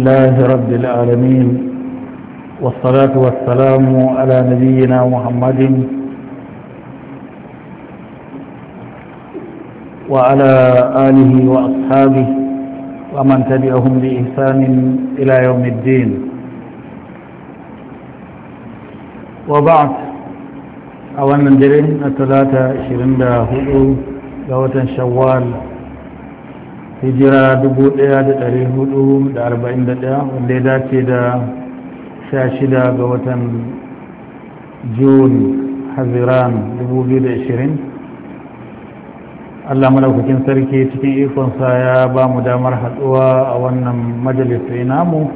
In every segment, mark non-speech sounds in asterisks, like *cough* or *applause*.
لله رب العالمين والصلاة والسلام على نبينا محمد وعلى آله وأصحابه ومن تبعهم بإحسان إلى يوم الدين وبعد أولا جرين الثلاثة 24 لوة شوال hijira 1441 wanda ya dace da 16 ga watan june haziran 2020 allah malaukakin sarki cikin ikonsa ya ba mu damar haɗuwa a wannan majalisa namu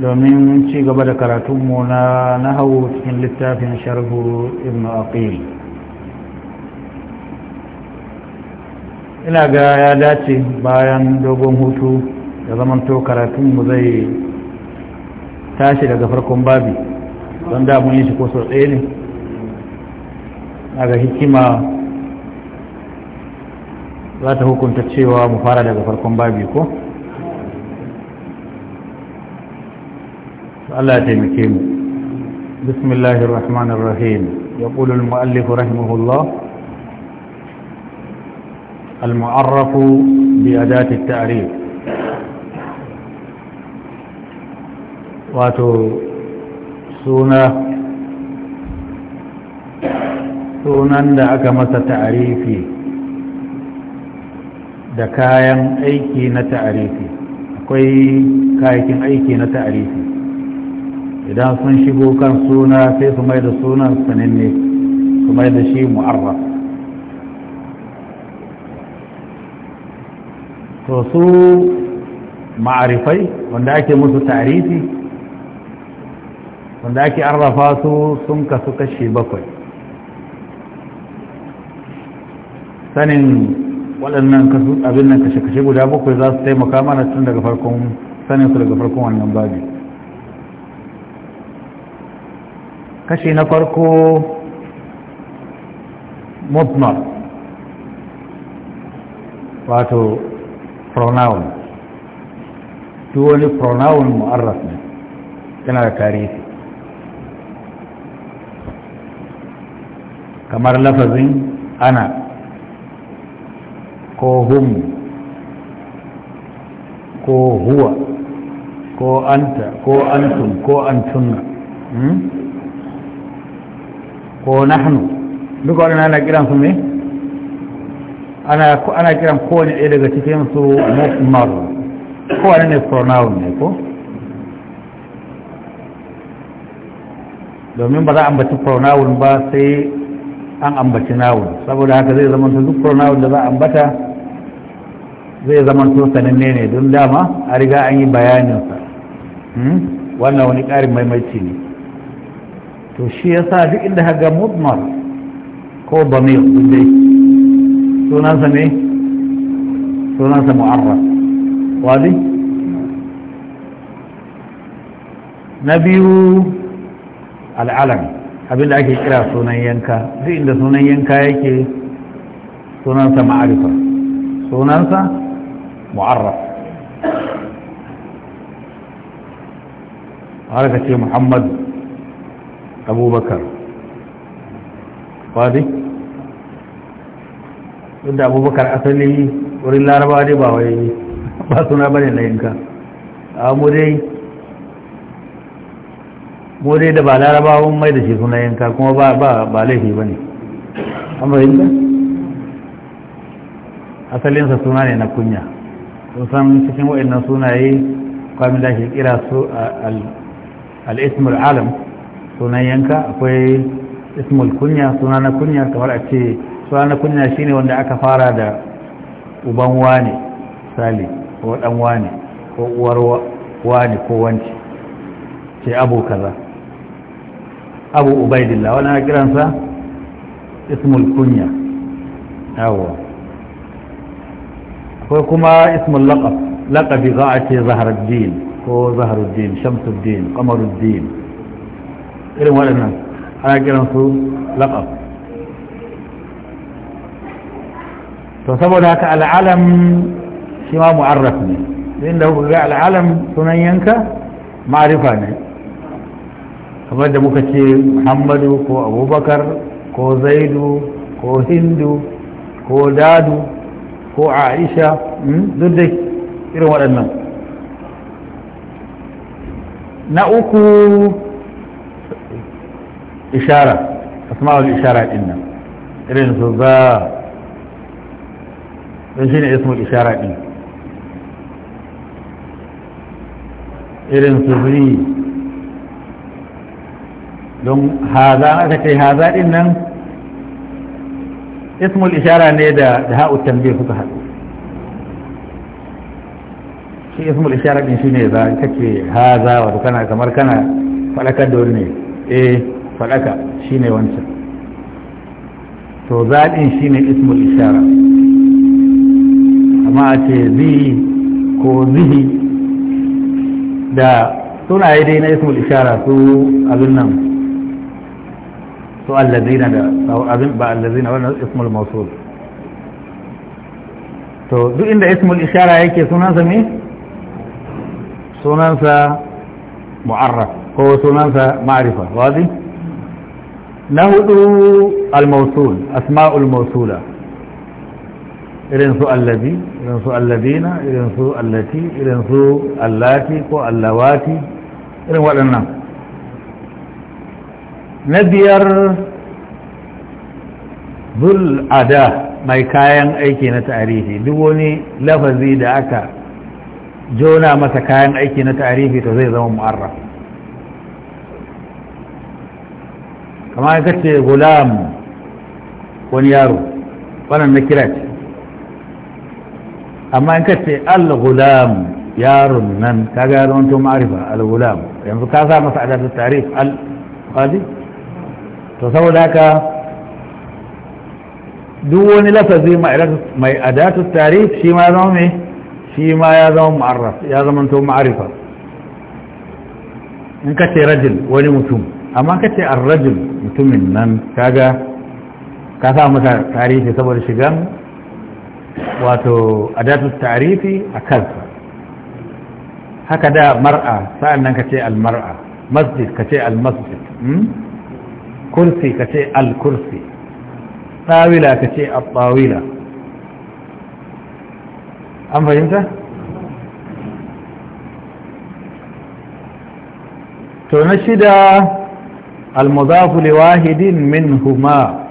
domin ci gaba da karatunmu na nahawu cikin littafin sharhu ibn aqil ina ga ya dace bayan dogon hutu da zaman zamanto mu zai tashi daga farkon babi don da mun yi shi ko sau tsaye ne daga hikima za ta hukunta cewa mu fara daga farkon babi ko Allah ya taimake mu bismillahir rahmanir rahim yaqulu al muallif rahimahullah المعرف بأداة التعريف واتو wato sunan da aka masa ta'arifi da kayan aiki na ta'arifi akwai kayakin aiki na ta'arifi idan sun shigo kan suna sai su mai da sunan sananne su mai shi mu'arraf to su ma'arifai wanda ake musu tarihi wanda ake arrafa su sun kasu kashe bakwai sanin waɗannan kasu abin nan kashe-kashe guda bakwai za su taimaka mana tun daga farkon sanin su daga farkon wannan babi kashi na farko mutmar wato pronoun duk wani pronoun mu'arraf ne yana da tarihi kamar lafazin ana ko hum ko huwa ko anta ko antum ko antunna hmm? ko nahnu duk waɗanda ana kiransu ne ana kiran kowane ɗaya daga cikinsu mufmar kowane ne pronoun ne ko domin ba za a ambaci pronoun ba sai an ambaci nawun saboda haka zai zama duk pronoun da za a ambata zai zama to sananne ne don dama a riga an yi bayaninsa hmm? wannan wani ƙarin maimaici ne to shi yasa duk inda haga mudmar ko ba mai sunansa ne sunansa mu'arraf wadi na biyu al'alam da ake kira sunan yanka duk inda sunan yanka yake sunansa ma'arifa sunansa mu'arraf har ka ce muhammad abubakar wadi inda da abubakar asali wurin laraba dai ba wai ba suna bane na yanka a mu dai da ba laraba wun mai da shi suna yanka kuma ba laifi ba ne amma yanka asalinsa suna ne na kunya sun san cikin waɗannan sunaye kwamin da shi kira su al'ismul alam sunan yanka akwai ismul kunya suna na kunya kamar a ce suna na kunya shine wanda aka fara da uban wane sali ko dan wane ko uwar wane ko wanci ce abu kaza abu ubaidillah wani ana kiransa ismul kunya yawo akwai kuma ismul laqab laqabi za a ce zaharuddin ko zaharuddin shamsuddin kamaruddin irin waɗannan ana kiransu laqab to saboda haka al'alam shi ma mu'arraf ne inda kuka ga al'alam sunan yanka ma'arifa ne kamar da muka ce muhammadu ko abubakar ko zaidu ko hindu ko dadu ko aisha hmm, duk da irin waɗannan na uku ishara asma'ul ishara ɗin nan irin su za don shi ne ismul ishara ɗin irin su zuri don haza aka ce haza din nan ismul ishara ne da ha'u tambaye suka haɗu shi ismul ishara din shi ne za ka ce haza wato kana kamar kana faɗakar da wani ne eh faɗaka shi ne wancan to zaɗin shi ne ismul ishara amma a ce zi ko zihi da sunaye dai na ismul ishara su abin nan su allazina da abin ba allazina wannan ismul mausul to duk inda ismul ishara yake sunansa me sunansa mu'arraf ko sunansa ma'rifa wazi na hudu al-mausul asma'ul mausula irin su allabi irin su allabina irin su allati irin su allati ko allawati irin waɗannan na biyar zul'ada mai kayan aiki na tarihi duk wani lafazi da aka jona masa kayan aiki na tarihi to zai zama mu'arra. Kamar ya kace gulam wani yaro wannan na kira ce amma in ka ce al-gulam yaron nan ka ga yaron to ma'arifa al-gulam yanzu ka sa masa adatu tarif al-qadi to saboda haka duk wani lafazi mai adatu tarif shi ma zama me shi ma ya zama mu'arraf ya zama to ma'arifa in ka ce rajul wani mutum amma ka ce ar rajin mutumin nan kaga ka sa masa tarihi saboda shigan wato adatu ta'rifi a kansa haka da mar'a sa'an nan ka ce al-mar'a masjid ka ce al-masjid hmm? kursi ka ce al-kursi tsawila ka ce al-tsawila an fahimta? to na shida al-muzafu liwahidin min huma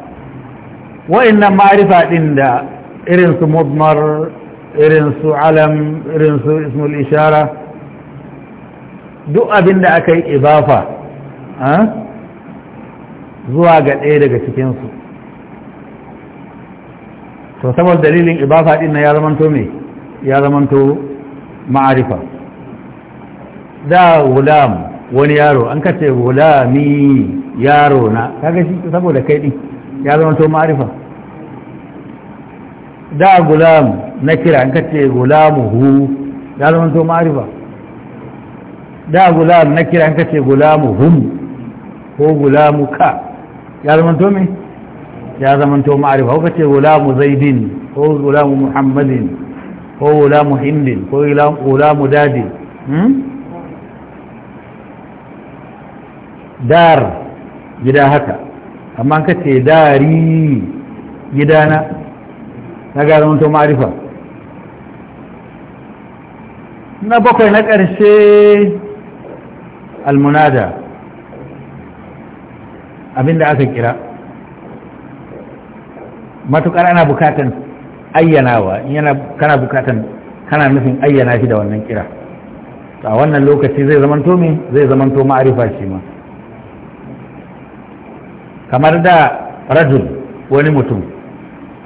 wa'in nan ma'arifa ɗin da irin su mudmar irin su alam irin su ismul ishara duk abinda aka yi ibafa zuwa ga daga cikinsu to saboda dalilin ibafa ɗin na ya ya ma'arifa da wani yaro an kace gulami yaro na kaga shi saboda kai ɗin ya zamanto ma'arifa da gulam na kira in kace gulamuhu gulamu hu ya zama to ma'arifa da gulam na kira in kace gulamuhum gulamu ko gulamu ka ya zama to me ya zama to ma'arifa ko kace gulamu zaidin ko gulamu muhammadin ko gulamu hindin ko gulamu dadi hmm? dar gida haka amma kace dari gidana na ga zamanto ma'arifa na bakwai na ƙarshe almunada abinda aka kira matuƙar ana bukatan ayyanawa yana kana bukatan kana nufin ayyana shi da wannan kira a wannan lokaci zai zamanto me zai zamanto ma'arifa shi ma kamar da rajul wani mutum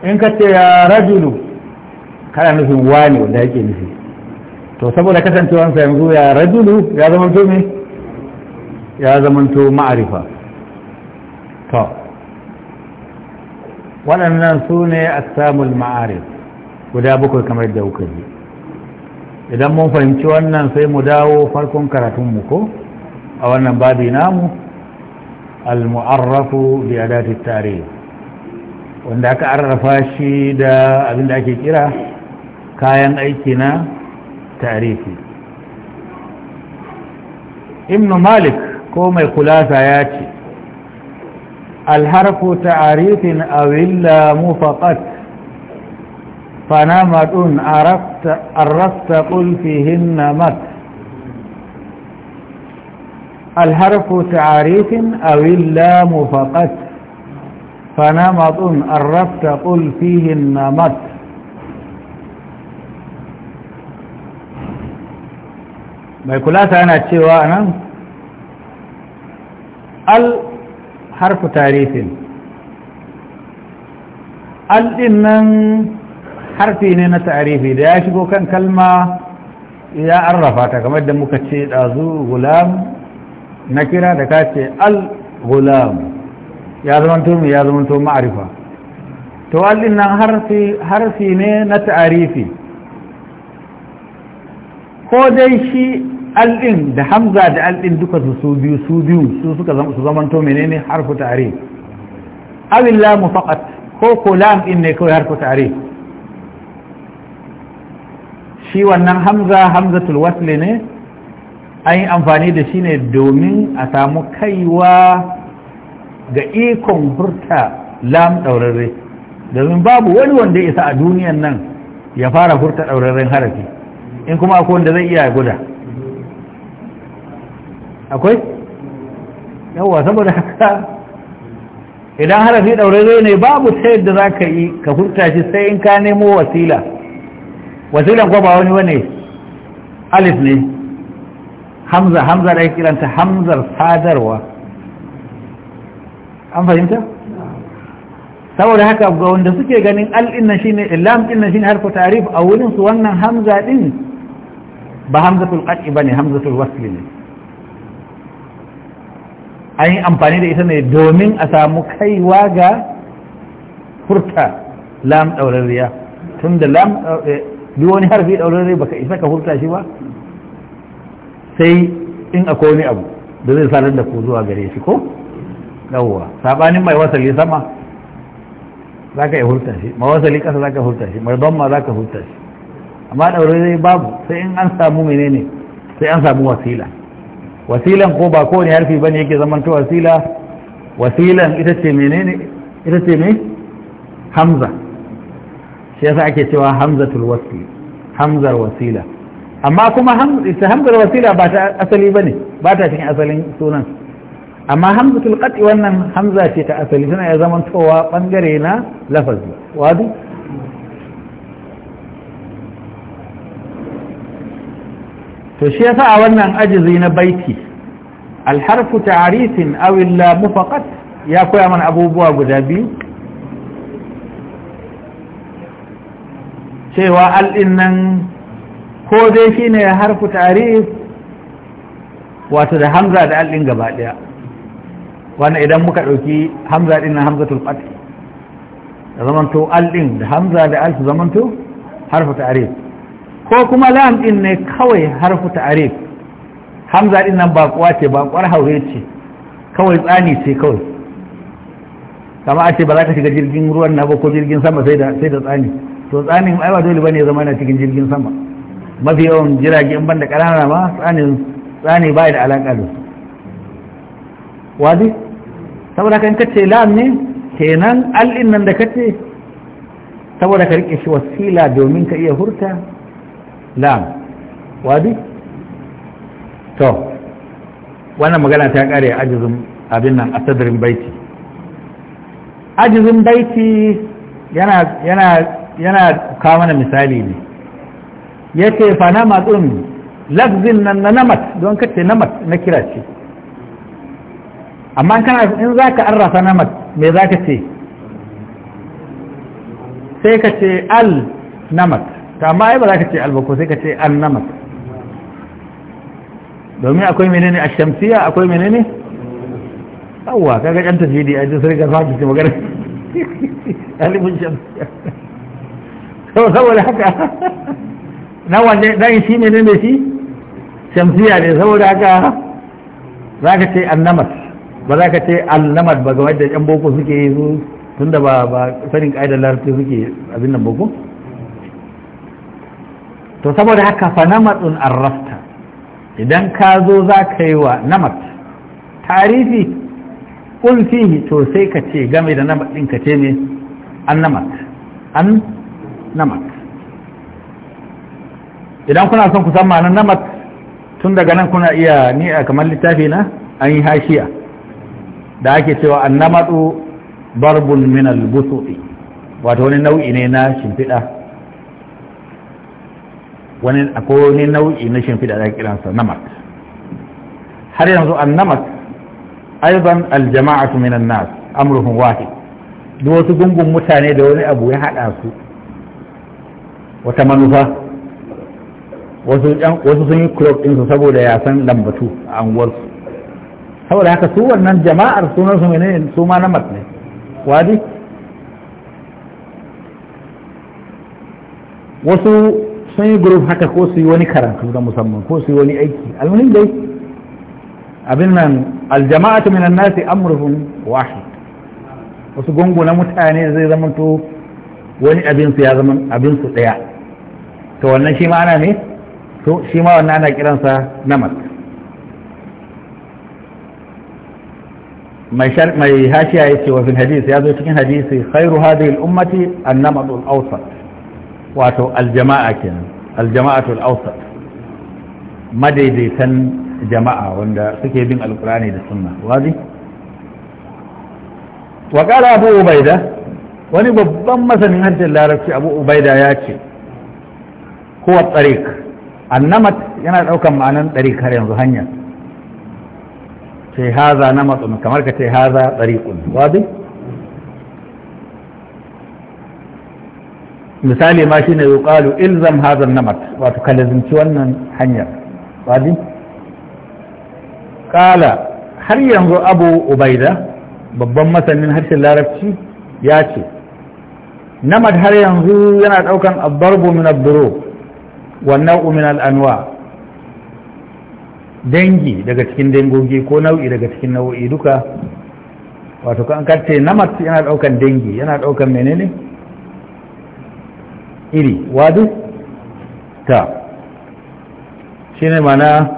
in ka ce ya rajulu kana nufin wani wanda yake nufi to saboda kasancewansa yanzu ya rajulu ya zamanto me ya zamanto ma'arifa to waɗannan su ne a samun ma'arif guda bakwai kamar da kuka ji idan mun fahimci wannan sai mu dawo farkon karatunmu ko a wannan babi namu al-mu'arrafu bi adati tarihi. wanda aka arrafa shi da abin da ake kira kayan aiki na tarihi ibn malik ko mai kulasa ya ce alharfu ta'arifin awilla mufaqat fanamatun arrafta qulfihin namat alharfu ta'arifin awilla mufaqat فنمط عرفت قل فيه النمط mai kulata yana cewa nan al harfu tarifin al harfi ne na tarifi da ya shigo kan kalma ya arrafa ta kamar da muka ce ɗazu gulam na kira da kace al gulam ya zamanto mai ya zamanto ma'arifa to alɗin nan harfi ne na ta'arifi ko dai shi al'in da hamza da al'in duka su su biyu su biyu su suka su zamanto menene harfi ta'arif abin lamu faƙat ko ko lam ne kawai harfi ta'arif shi wannan hamza Hamza tulwasle ne an yi amfani da shi ne domin a samu kaiwa ga ikon furta lam ɗaurarre domin babu wani wanda ya isa a duniyan nan ya fara furta ɗaurarren harafi in kuma akwai wanda zai iya guda akwai yawwa saboda haka idan harafi ɗaurarre ne babu ta yadda za ka yi ka furta shi sai in ka nemo wasila wasilan ko ba wani wane alif ne hamza hamza da ya kiranta hamzar sadarwa an fahimta saboda haka ga wanda suke ganin al'in nan shine illam din nan shine harfu ta'rif a wurin su wannan hamza din ba hamzatul qat'i bane hamzatul wasl ne an yi amfani da ita ne domin a samu kaiwa ga furta lam tun tunda lam eh, duk wani harfi daurariya baka isa ka furta shi ba sai in akwai wani abu da zai sanar da ku zuwa gare shi ko yawwa sabanin mai wasali sama za ka yi hurta shi mai wasali ƙasa za ka hurta shi mai donma za ka hurta shi amma ɗaure zai babu sai in an samu menene sai an samu wasila wasilan ko ba kowane harfi bane yake zaman ta wasila wasilan ita ce menene ita ce me hamza shi yasa ake cewa hamzatul wasli hamzar wasila amma kuma hamzar wasila ba ta asali bane ba ta cikin asalin sunan amma hamzatul qat'i wannan hamza ce ta asali tana ya zama tsowa bangare na lafazi wadu to shi yasa a wannan ajizi na baiti alharfu ta'rifin aw illamu faqat ya koya mana abubuwa guda biyu cewa al'in nan ko dai shine harfu ta'rif wato da hamza da al'in gaba daya wannan idan muka ɗauki hamza ɗin na hamzatul fath da zamanto al ɗin da hamza da al su zamanto ta ta'arif ko kuma lam ɗin ne kawai harfu ta'arif hamza ɗin nan baƙuwa ce baƙuwar haure ce kawai tsani ce kawai kama a ce ba za ka shiga jirgin ruwan na ba ko jirgin sama sai da tsani to tsanin ai ba dole bane zama na cikin jirgin sama mafi yawan jirage in banda ƙanana ma tsani ba da alaƙa da su wadi saboda kan kace lam ne kenan al'in nan da kace saboda ka rike shi wasila domin ka iya hurta lam wadi to wannan magana ta kare ajizun abin nan a sadarin baiti ajizun baiti yana yana yana kawo mana misali ne yake fa na matsun lafzin nan na namat don kace namat na kira shi amma kana in za ka arrafa namat me za ka ce sai ka ce al namat ta amma ai ba za ka ce al sai ka ce al namat domin akwai menene a shamsiya akwai menene yawwa kaga yan tafidi a jin sarka za su ce magana *laughs* alifin shamsiya saboda haka na wanne dan shi menene shi shamsiya ne saboda haka za ka ce annamat ba za ka ce allamad ba game da yan boko suke yi tun da ba sanin ƙa'idar larabci suke abin nan boko to saboda haka fa namatsun arrafta idan ka zo za ka yi wa namat tarifi kun fihi to sai ka ce game da namat ɗin ka ce ne an namat an namat idan kuna son ku san ma'anar namat tun daga nan kuna iya ni a kamar littafi na an yi hashiya da ake cewa annamatu barbun min albusuti wato wani nau'i ne na shimfiɗa wani akwai wani nau'i na shimfiɗa da kiransa namat har yanzu annamat aiban aljama'atu min annas amruhum wahid duk wasu gungun mutane da wani abu ya haɗa su wata manufa wasu sun yi club ɗinsu saboda ya san lambatu a anguwarsu saboda haka su wannan jama'ar sunan su ne su ma na matne wadi wasu sun yi group haka ko su yi wani karatu da musamman ko su yi wani aiki almuhim dai abin nan aljama'atu minan nasi amruhum wahid wasu gungu na mutane zai zama to wani abin su ya zama abin su daya to wannan shi ma ana ne to shi ma wannan ana kiransa namat mai hashiya ya ce wa fil hadisi ya zo cikin hadisi khairu hadhihi al-ummati an al-awsat wato al-jama'a kenan al-jama'atu al-awsat madaidaitan jama'a wanda suke bin alqur'ani da sunna wazi wa qala abu ubaida wani babban masanin harshen larabci abu ubaida ya ce huwa tariq annamat yana daukan ma'anan tariq har yanzu hanya في هذا نمط كما في هذا طريق واضح مثالي ما شئنا يقال إلزم هذا النمط وتكلزم شوانا حنيا واضح قال هل ينظر أبو أبيدة ببما من هرش الله ربشي ياتي نمط هل ينظر ينعت أو كان الضرب من الضروب والنوء من الأنواع dangi daga cikin dangogi ko nau'i daga cikin nau'i duka wato kan karce namat yana daukan dangi yana daukan menene iri wadu ta shine mana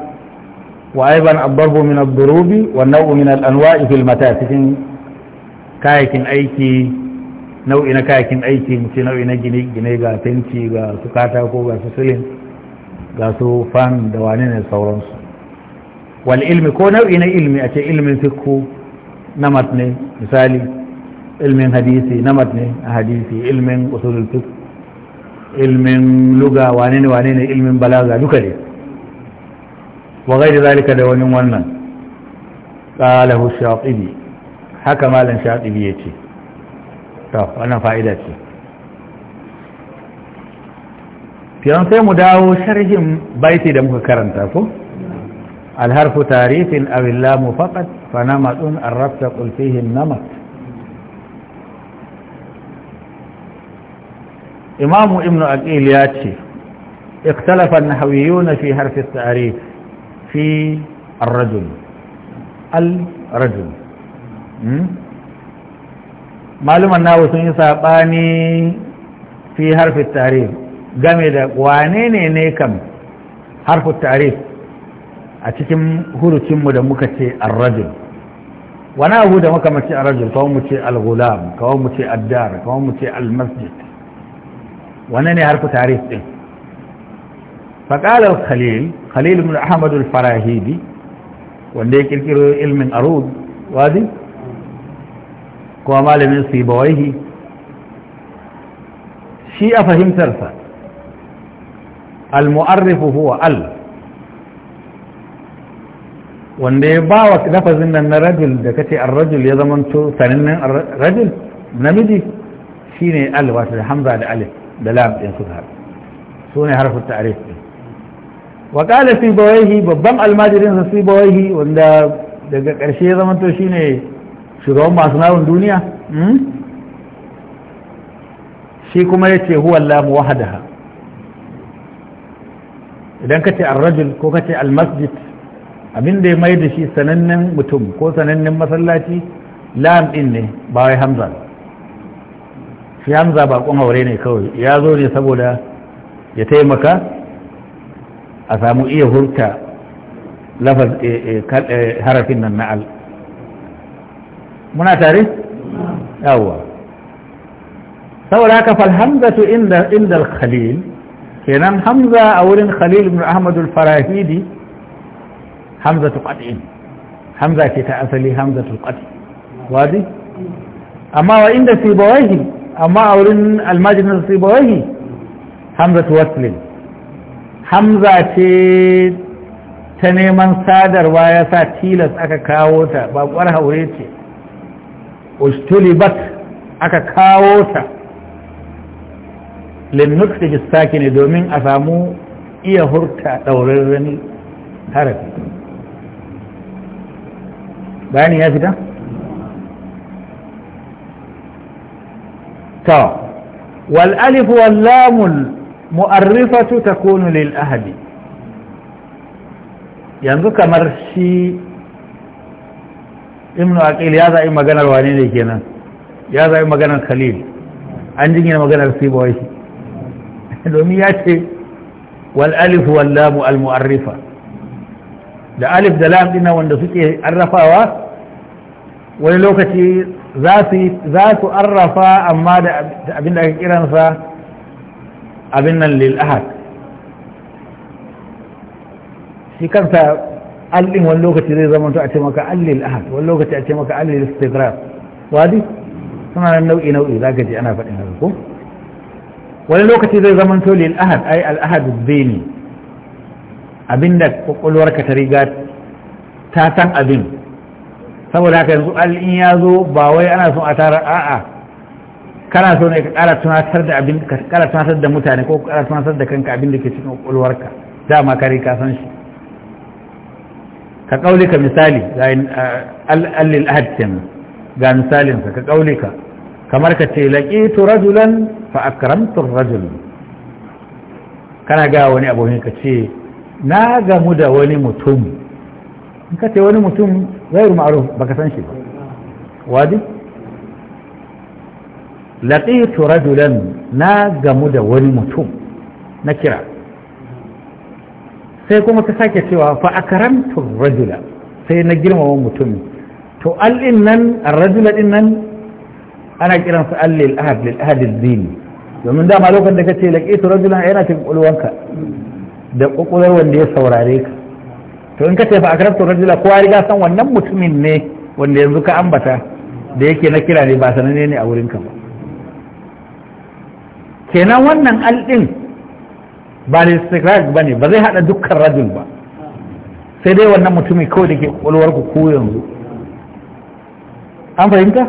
wa aiban abbarbu min ad-durubi wa naw'u min al-anwa'i fil matasikin kayakin aiki nau'i na kayakin aiki mutum nau'i na gine gine ga fenti ga su katako ga su silin ga su fan da wane ne sauransu wal ilmi ko nau'i na ilmi a ce ilmin fikku na matne misali ilmin hadisi na matne a hadisi ilmin usulul fik, ilmin luga wane ne wane ne ilmin balaga duka ne wa gaida zalika da wani wannan hu shatibi haka malan ya yace to wannan fa'ida ce fiyan sai mu dawo sharhin baiti da muka karanta ko الحرف تعريف أو اللام فقط فنمط الرفت قل فيه النمط إمام ابن أقيل ياتي اختلف النحويون في حرف التعريف في الرجل الرجل معلوم النحو سنصاباني في حرف التعريف جمد وانين نيكم حرف التعريف a cikin hurucinmu da muka ce arrajul wani abu da muka mace arrajul kawai mu ce al gulam kawai mu ce addar kawai mu ce al-masjid wani ne harfi tarif din faƙalar khalil khalil ibn ahmad al-farahidi wanda ya kirkiro ilmin arud wadi kuma malamin sibawaihi shi a fahimtarsa al-mu'arrifu huwa al wanda ya ba wa lafazin nan na rajul da kace an rajul ya zamanto sanannen rajul namiji shine al wato da hamza da alif da lam din su har sune harfu ta'rif wa qala fi bawayhi babban almajirin sa fi bawayhi wanda daga karshe ya zamanto shine shugaban masu nawon duniya hmm? shi kuma yace huwa lam wahdaha idan kace ar-rajul ko kace al-masjid abin da ya mai da shi sanannen mutum ko sanannen masallaci lam din ne ba wai hamza shi hamza ba kun haure ne kawai ya zo ne saboda ya taimaka a samu iya hurta lafaz eh, eh, eh, harafin nan na al muna tare yawwa saboda haka falhamzatu inda inda al-khalil kenan hamza a wurin khalil ibn ahmad farahidi hamzatu qat'in hamza ce ta asali hamzatu qat'i wadi amma wa inda sibawaihi amma a wurin almajin sibawaihi hamzatu waslin hamza ce ta neman sadarwa ya sa tilas aka kawo ta ba kwar haure ce ustulibat aka kawo ta linnuk da ne domin a samu iya hurta ɗaurarren harafi bayani ya fita to wal alif mu'arrifatu takunu lil ahadi yanzu kamar shi ibnu aqil ya maganar wane ne kenan ya zai maganar khalil an jingina maganar sibawai *laughs* domin ya ce wal alif al mu'arrifa da alif da lam dina wanda suke arrafawa wani lokaci za su arrafa amma da abin da aka kiransa abin nan lil ahad shi kansa allin wani lokaci zai zama to a ce maka allil ahad wani lokaci a ce maka allil istigraf wadi suna nan nau'i nau'i za ka ji ana faɗin haka ko wani lokaci zai zama to lil ahad ai al ahad zini Abin da kwakwalwarka ta riga ta san abin saboda haka yanzu in ya zo ba wai ana son a tara a'a kana so ne ka kara tunatar da abin ka kara tunatar da mutane ko ka kara tunatar da kanka abin da ke cikin kwakwalwarka dama ka riga san shi ka kaulika misali allil ahad ga misalinsa ka kaulika kamar ka ce laqitu rajulan fa akramtu rajul kana ga wani abokin ka ce na gamu da wani mutum in ka ce wani mutum zai ma'ruf baka san shi ba wadi laqitu rajulan na gamu da wani mutum na kira sai kuma ka sake cewa fa akaramtu rajula sai na girmama mutum to al nan ar-rajula din nan ana kiransa al lil ahad lil ahad ad-din domin dama lokacin da kace laqitu rajulan yana cikin ulwanka da kwakwalwar wanda ya saurare ka to in ka ce fa akrabtu rajula kowa riga san wannan mutumin ne wanda yanzu ka ambata da yake na kira ne ba sananne ne a wurin ka ba kenan wannan aldin ba listikraj ba ne ba zai hada dukkan rajul ba sai dai wannan mutumin kawai da ke kwakwalwar ku ko yanzu an fahimta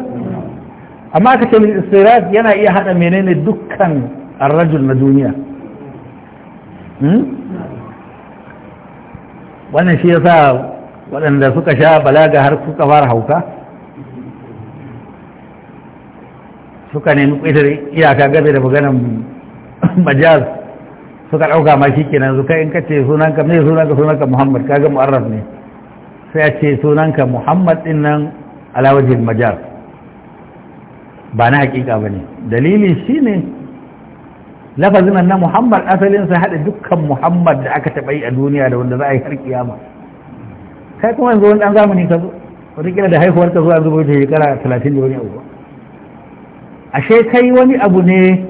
amma aka ce listikraj yana iya hada menene dukkan rajul na duniya Hmm? wannan shi ya sa waɗanda suka sha balaga har suka fara hauka suka nemi ƙetar iyaka gabe da maganin majaz suka ɗauka ma shi kenan zuka in ka ce sunanka mai sunanka sunanka muhammad kaga mu'arraf ne sai a ce sunanka muhammad ɗin nan alawajin majaz ba na hakika ba ne dalili shi ne lafazin na muhammad asalin sa haɗa dukkan muhammad da aka taɓa yi a duniya da wanda za a yi har kiyama kai kuma yanzu wani ɗan zamani ka zo wataƙila da haihuwar ka zo a zubo ta shekara talatin da wani abu ashe kai wani abu ne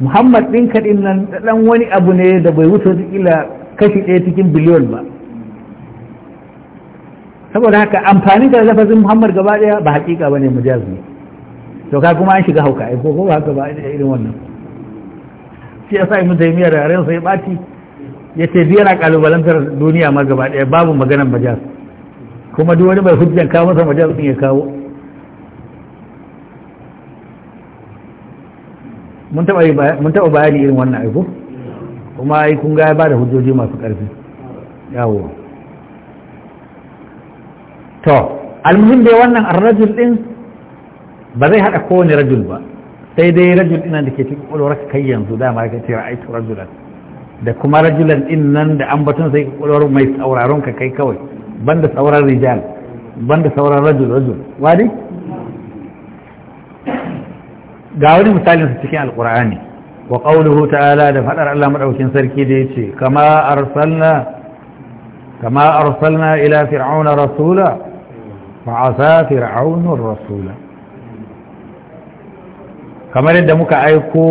muhammad ɗin kaɗin nan ɗan wani abu ne da bai wuce kila kashi ɗaya cikin biliyon ba saboda haka amfani da lafazin muhammad gaba ɗaya ba haƙiƙa ba ne mujaz ne to ka kuma an shiga hauka ko ko ba haka ba irin wannan shi ya sa ibn taymiya da yaren sai ɓaci ya ce biyar a kalubalantar duniya ma gaba ɗaya babu maganan majas kuma duk wani mai hujjan kawo masa majas ɗin ya kawo mun taɓa bayani irin wannan aiko kuma ai kun ga ya ba da hujjoji masu ƙarfi yawo to almuhim dai wannan arrajul din ba zai haɗa kowane rajul ba sai dai rajul ɗinan da ke cikin ƙwaƙwalwar kai yanzu dama ka ce ra'aitu rajulan da kuma rajulan ɗin nan da ambaton sai ƙwaƙwalwar mai sauraron ka kai kawai banda sauran rijal banda sauran rajul rajul wadi ga wani misalin su cikin alƙur'ani wa qawluhu ta'ala da fadar Allah madaukin sarki da yace kama arsalna kama arsalna ila fir'auna rasula fa asa fir'aunur rasula kamar yadda muka aiko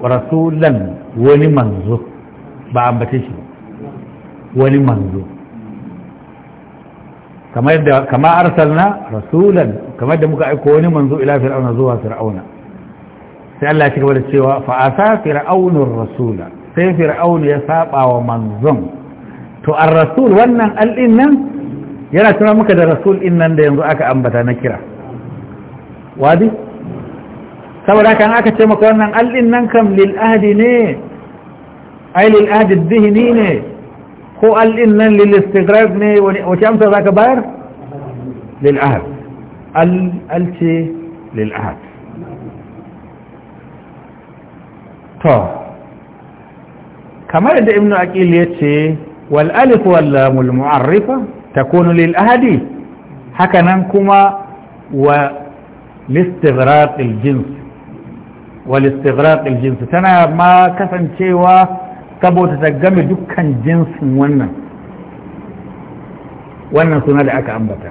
rasulan wani manzo ba ambace shi wani manzo kamar yadda kama arsalna rasulan kamar yadda muka aiko wani manzo ila fir'auna zuwa fir'auna sai Allah ya cika gaba da cewa fa asa fir'aunur rasula sai fir'aun ya saba wa manzon to ar-rasul wannan al'in nan yana tuna muka da rasul din nan da yanzu aka ambata na kira wadi saboda kan aka ce maka wannan aldin nan kam lil ahdi ne ai lil ahdi dhihni ne ko aldin nan lil istighraq ne wace amsa za ka bayar lil ahd al alce lil ahd to kamar da ibnu aqil yace wal alif wal lam al mu'arrifa takunu lil ahdi haka nan kuma wa listighraq al jins والاستغراق الجنس تنا ما كسن شيوا كبو تتقم دكا جنس ونن wannan suna da aka ambata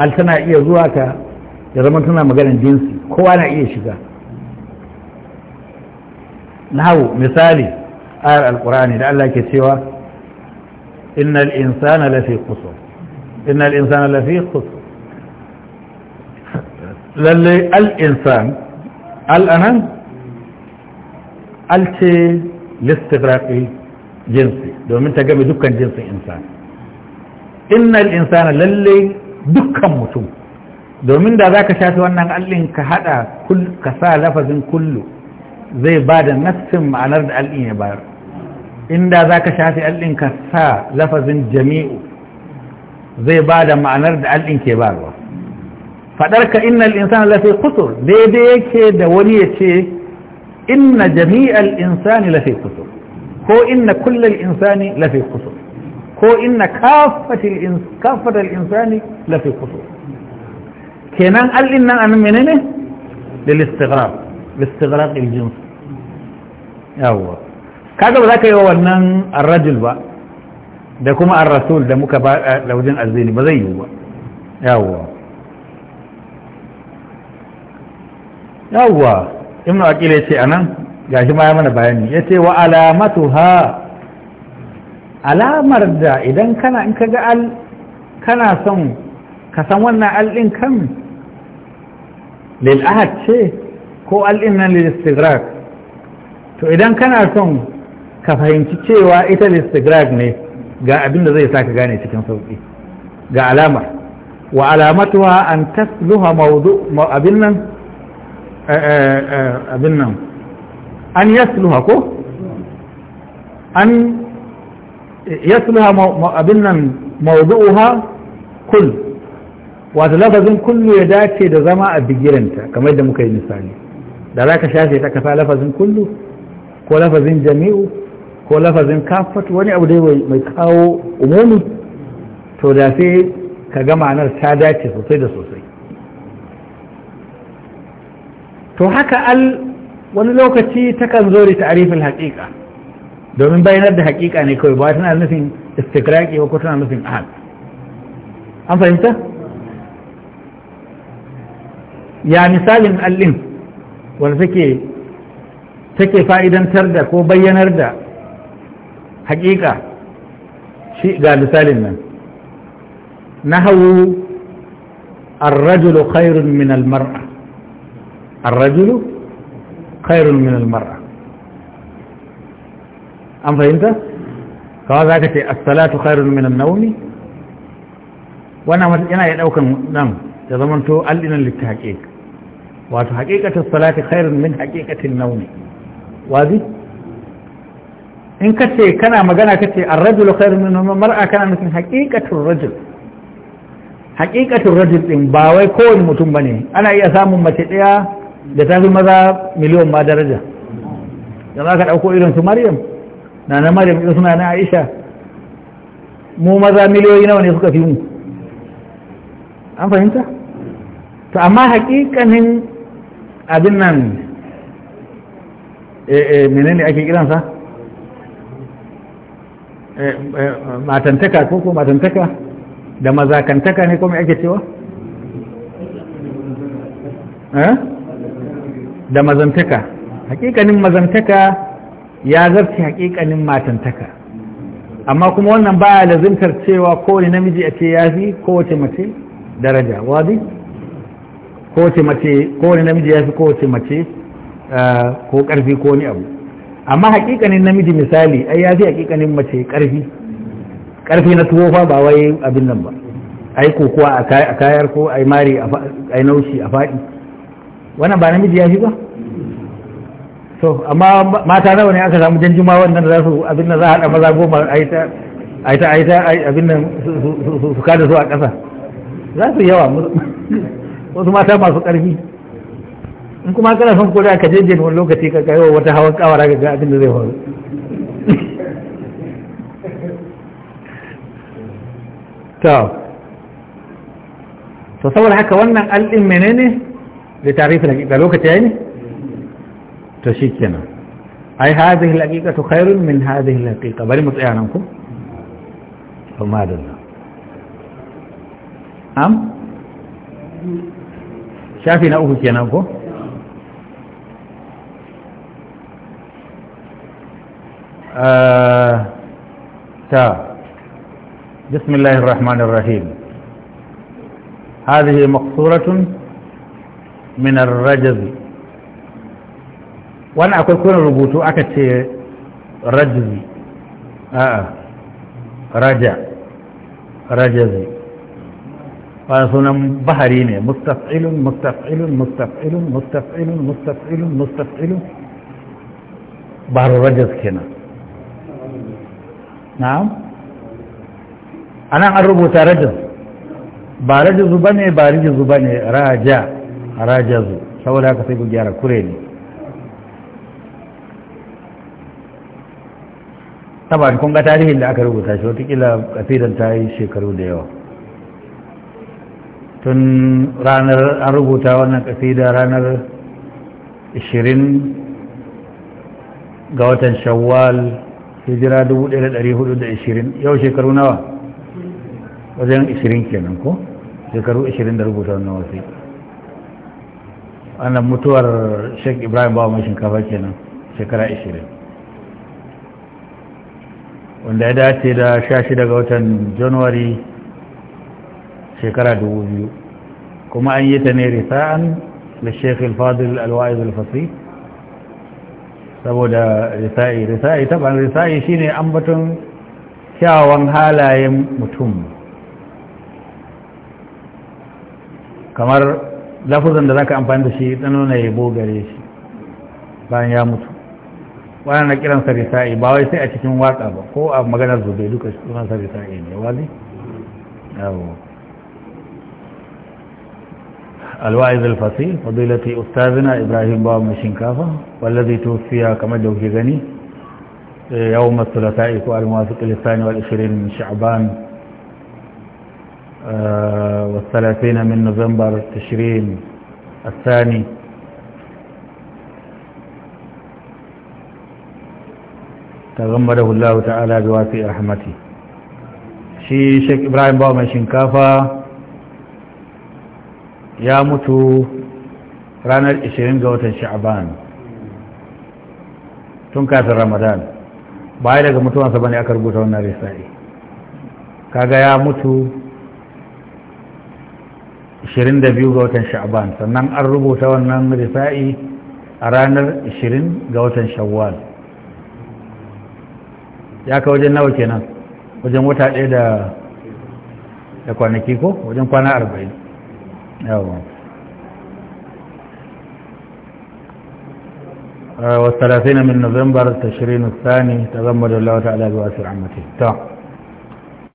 al tana iya zuwa ta ya zama tana maganin jinsi kowa na iya shiga nahu misali ayar alkurani da Allah ke cewa innal insana lafi lafi al'anan alce listifrafi jinsi domin ta gami dukkan jinsin Insan. Inna insana lalle dukkan mutum domin da za ka shafi wannan allin ka hada ka sa lafazin kullu zai ba da nassin ma'anar da allin ya bayar inda za ka shafi allin ka sa lafazin jami'u zai ba da ma'anar da allin ke bayarwa fadar ka innal insana lafi kusur daidai yake da wani ya ce inna jami'al insani lafi kusur ko inna kullal insani lafi kusur ko inna kafatal insani lafi kusur kenan al'in nan anan menene lil istighraq istighraq al jins yawa kaga ba za ka yi wa wannan ar-rajul ba da kuma ar-rasul da muka ba da wajen azzini ba zai yi ba yawa yawwa ibnu aqil ya ce anan gashi ma ya mana bayani ya ce wa alamatuha alamar da idan kana in kaga al kana son ka san wannan al din kan lil ahad ce ko al nan lil istighraq to idan kana son ka fahimci cewa ita lil ne ga abin da zai saka gane cikin sauki ga alamar wa alamatuha an tasluha mawdu abin nan Eh, eh, eh, abin nan an yasluha ko an yasluha abin nan mawdu'uha kul wata lafazin kullu ya dace da zama a bigiranta kamar da muka yi misali da za ka shafe ta kasa lafazin kullu ko lafazin jami'u ko lafazin kafat wani abu dai mai kawo umumi to da sai ka ga ma'anar ta dace sosai da sosai to haka al wani lokaci takan zo da ta'arifin haƙiƙa domin bayanar da haƙiƙa ne kawai ba tana nufin istikraki ko tana nufin ahad an fahimta ya misalin allin wanda take take fa'idantar da ko bayyanar da haƙiƙa shi ga misalin nan nahawu khairun min al-mar'a الرجل خير من المرأة أم فهمت؟ kawai za ka ce assalatu khairun minan naumi wannan yana ya daukan nan ya zama to allinan wato haƙiƙatar salati khairun min haƙiƙatin naumi wazi in ka ce kana magana ka ce arrajulu khairun min mar'a kana nufin haƙiƙatul rajul haƙiƙatul rajul din ba wai kowane mutum ne? ana iya samun mace ɗaya da ta fi maza miliyon ma daraja Da za ka ɗauko irin su maryam na na maryam irin suna na aisha mu maza miliyoyi nawa ne suka fi mu an fahimta to amma hakikanin abin nan eh, eh, menene ake kiransa eh, matantaka ko ko matantaka da mazakantaka ne ko mai ake cewa? eh? da mazantaka hakikanin mazantaka ya zarce hakikanin matantaka amma kuma wannan baya lazimtar cewa kowane namiji a ce ya fi kowace mace daraja wadi kowace mace kowane namiji ya fi kowace mace eh, ko karfi ko wani abu amma hakikanin namiji misali ai ya fi hakikanin mace karfi karfi na tuwo fa ba wai abin nan ba ai kokowa a kayar ko ai mari ai naushi a faɗi wannan ba namiji ya fi ba so amma mata nawa ne aka samu janjuma wannan za su abin nan za a haɗa maza goma a yi ta a yi ta abin nan su kada su a ƙasa za su yawa wasu mata masu ƙarfi in kuma kana son da ka je wani lokaci ka kai wata hawan kawara ga abin da zai faru *laughs* to to saboda haka wannan al'in menene لتعريف الحقيقة لو تشيك تشيكنا أي هذه الحقيقة خير من هذه الحقيقة بل مطيعنكم فما دلنا أم شافي نأوه كيناكم آه تا بسم الله الرحمن الرحيم هذه مقصورة min ar-rajaz wani akwai kurin rubutu aka ce rajzi a'a raja rajazi ba sunan bahari ne mustaf'ilun mustaf'ilun mustaf'ilun mustaf'ilun mustaf'ilun mustaf'ilun baharun rajaz kenan na'am anan an rubuta rajaz ba rajazu bane ba rajazu bane raja rajazu saboda haka sai ku gyara kure ne saboda kun ga tarihin da aka rubuta shi watakila kafidan ta yi shekaru da yawa tun ranar an rubuta wannan kasida ranar 20 ga watan shawwal hijira 1420 yau shekaru nawa wajen 20 kenan ko shekaru 20 da rubuta wannan wasu. ana mutuwar sheik ibrahim ba mai shinkafa kenan shekara 20 wanda ya dace da shashi daga watan januwari shekara 2000 kuma an yi ta ne risa'an da sheik alfadil alwa'iz alfasi saboda risa'i risa'i taban risa'i shine ambaton kyawawan halayen mutum kamar lafuzan da za ka amfani da shi ɗan nuna yabo gare shi bayan ya mutu wannan na kiransa risa'i ba wai sai a cikin waka ba ko a maganar zube duka sunansa risa'i ne wali الواعظ الفصيل فضيلة أستاذنا إبراهيم باب مشنكافة والذي توفي كما دوكي غني يوم الثلاثاء الموافق للثاني والعشرين من شعبان والثلاثين من نوفمبر تشرين الثاني تغمده الله تعالى بواسع رحمته shi sheik ibrahim bawa mai shinkafa ya mutu ranar 20 ga watan sha'aban tun kafin ramadan baya daga mutuwansa bane aka rubuta wannan risali kaga ya mutu 22 ga watan sha'ban sannan an rubuta wannan risa'i a ranar 20 ga watan shawwal ya ka wajen nawa kenan wajen wata ɗaya da da kwanaki ko wajen kwana 40 yawon والثلاثين من نوفمبر التشرين الثاني تغمد الله تعالى بواسع عمته